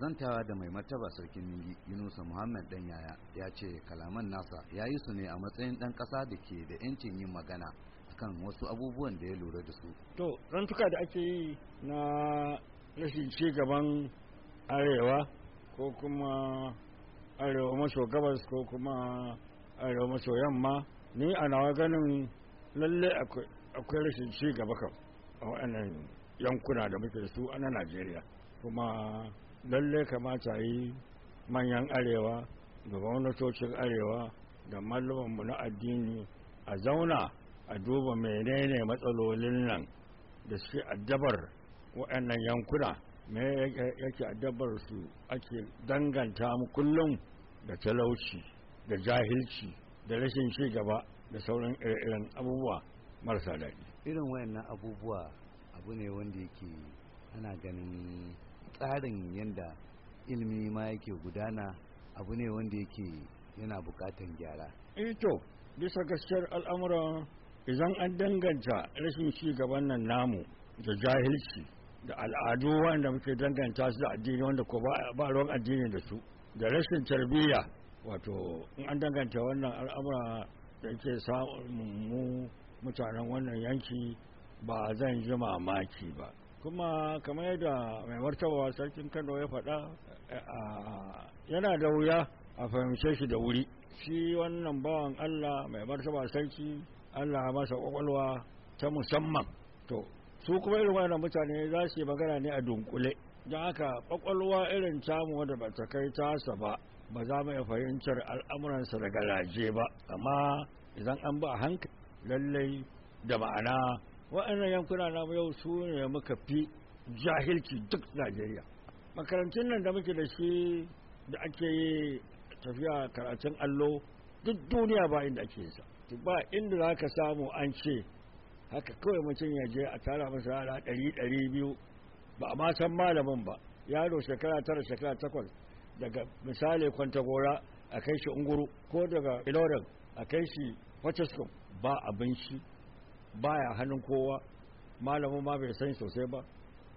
zantawa da mai martaba sarkin ningi yunusa muhammad dan yaya ya ce kalaman nasa ya yi su ne a matsayin dan kasa da ke da yancin yin magana kan wasu abubuwan da ya lura da su to rantuka da ake yi na rashin ci gaban arewa ko kuma arewa maso gabas ko kuma arewa maso yamma ni a nawa ganin lalle akwai rashin ci gaba kan a waɗannan yankuna da muke da su a na najeriya kuma lalle kamata yi manyan arewa da gwamnatocin arewa da mallumanmu na addini a zauna a duba menene matsalolin nan da suke addabar waɗannan yankuna me yake addabar su ake danganta mu kullum da talauci da jahilci da rashin ci gaba da sauran irin abubuwa marasa daɗi irin wayannan abubuwa abu ne wanda yake ana ganin tsarin yadda ilimi ma yake gudana abu ne wanda yake yana bukatan gyara eh to bisa gaskiyar al'amuran idan an danganta rashin ci gaban nan namu da jahilci da al'adu wanda muke danganta su da addini wanda ko ba ruwan addini da su da rashin tarbiyya wato in an danganta wannan al'amura da ke samun mu mutanen wannan yanki ba zan ji mamaki ba kuma kamar yadda mai martaba sarkin kano ya faɗa yana da wuya a fahimce shi da wuri shi wannan bawan allah mai martaba sarki allah masa kwakwalwa ta musamman to su kuma irin wannan mutane za su yi magana ne a dunkule don haka kwakwalwa irin tamu wadda ba ta kai tasa ba ba za mu iya fahimtar al'amuransa da laje ba amma idan an ba hankali lallai da ma'ana waɗannan yankuna na yau su ne muka fi jahilci duk najeriya makarantun nan da muke da shi da ake yi tafiya karatun allo duk duniya ba inda ake yi sa ba inda za ka samu an ce haka kawai mutum ya je a tara masa ala ɗari ɗari biyu ba a ma san malamin ba yaro shekara tara shekara takwas daga misali kwantagora a kai shi unguru ko daga ilorin a kai shi wacce ba abinci baya hannun kowa malamin ma bai san sosai ba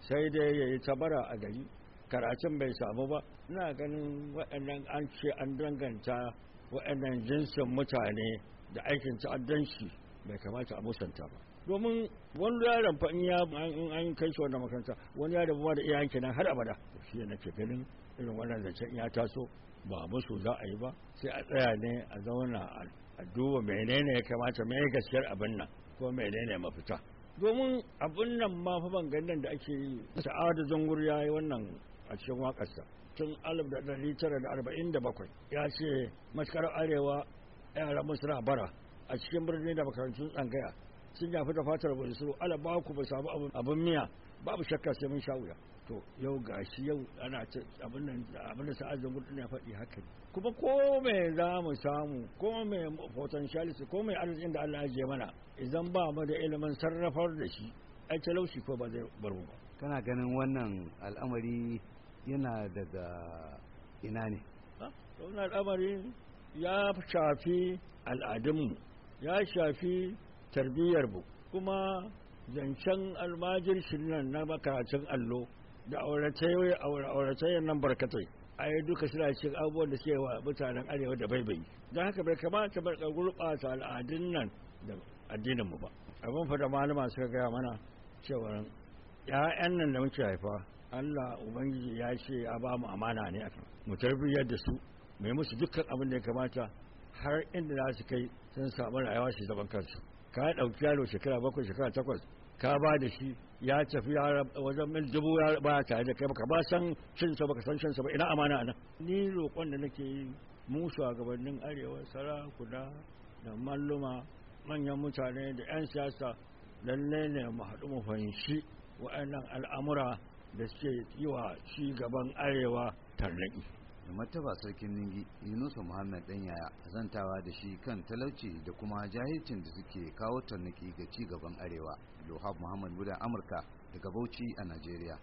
sai dai ya yi tabara a gari karacin bai samu ba ina ganin waɗannan an ce an danganta waɗannan jinsin mutane da aikin ta'addanci bai kamata a musanta ba domin wani yaron fa in an kai shi wannan makaranta wani yaron ba da iyayen kenan har abada shi ne nake ganin irin wannan zancen ya taso ba musu za a yi ba sai a tsaya ne a zauna a duba menene ya kamata mai gaskiyar abin nan ko menene mafita domin abun nan ma fa ban ganin da ake yi sa'adu zangur ya yi wannan a cikin wakarsa tun 1947 ya ce maskar arewa yara musra bara a cikin birni da makarantun tsangaya sun yafi da fatar burisuru ala ba ku ba samu abun miya babu shakka sai mun sha wuya to yau ga shi yau ana ce abin da sa'ad zangudu ne faɗi haka kuma ko mai za mu samu ko mai potentiality ko mai arzikin da Allah ajiye mana idan ba mu da ilimin sarrafar da shi ai laushi ko ba zai baro ba kana ganin wannan al'amari yana daga ina ne wannan al'amari ya shafi al'adunmu ya shafi tarbiyyarmu kuma zancen almajir shirin nan na makaracin allo da auratayyar nan barkatai a yi duka suna cikin abubuwan da suke wa mutanen arewa da baibayi don haka bai kamata barka gurɓata al'adun nan da addininmu ba abin fa malama suka gaya mana cewa ‘ya'yan nan da muke haifa Allah Ubangiji ya ce ya ba mu amana ne a mu tarbiyyar da su mai musu dukkan abin da ya kamata har inda za su kai sun samu rayuwa su zaman kansu ka ɗauki yaro shekara bakwai shekara takwas ka ba da shi ya tafi ya wajen mil dubu ya ba tare da kai baka ba san cin sa baka san cin sa ba ina amana anan ni roƙon da nake yi mu shugabannin arewa sarakuna da malluma manyan mutane da 'yan siyasa lallai ne mu haɗu mu fahimci wa'annan al'amura da suke yi wa ci gaban arewa tarnaki da sarkin ningi yunusa muhammad dan yaya zantawa da shi kan talauci da kuma jahilcin da suke kawo tarniki ga ci gaban arewa lohab muhammad buda amurka daga bauchi a najeriya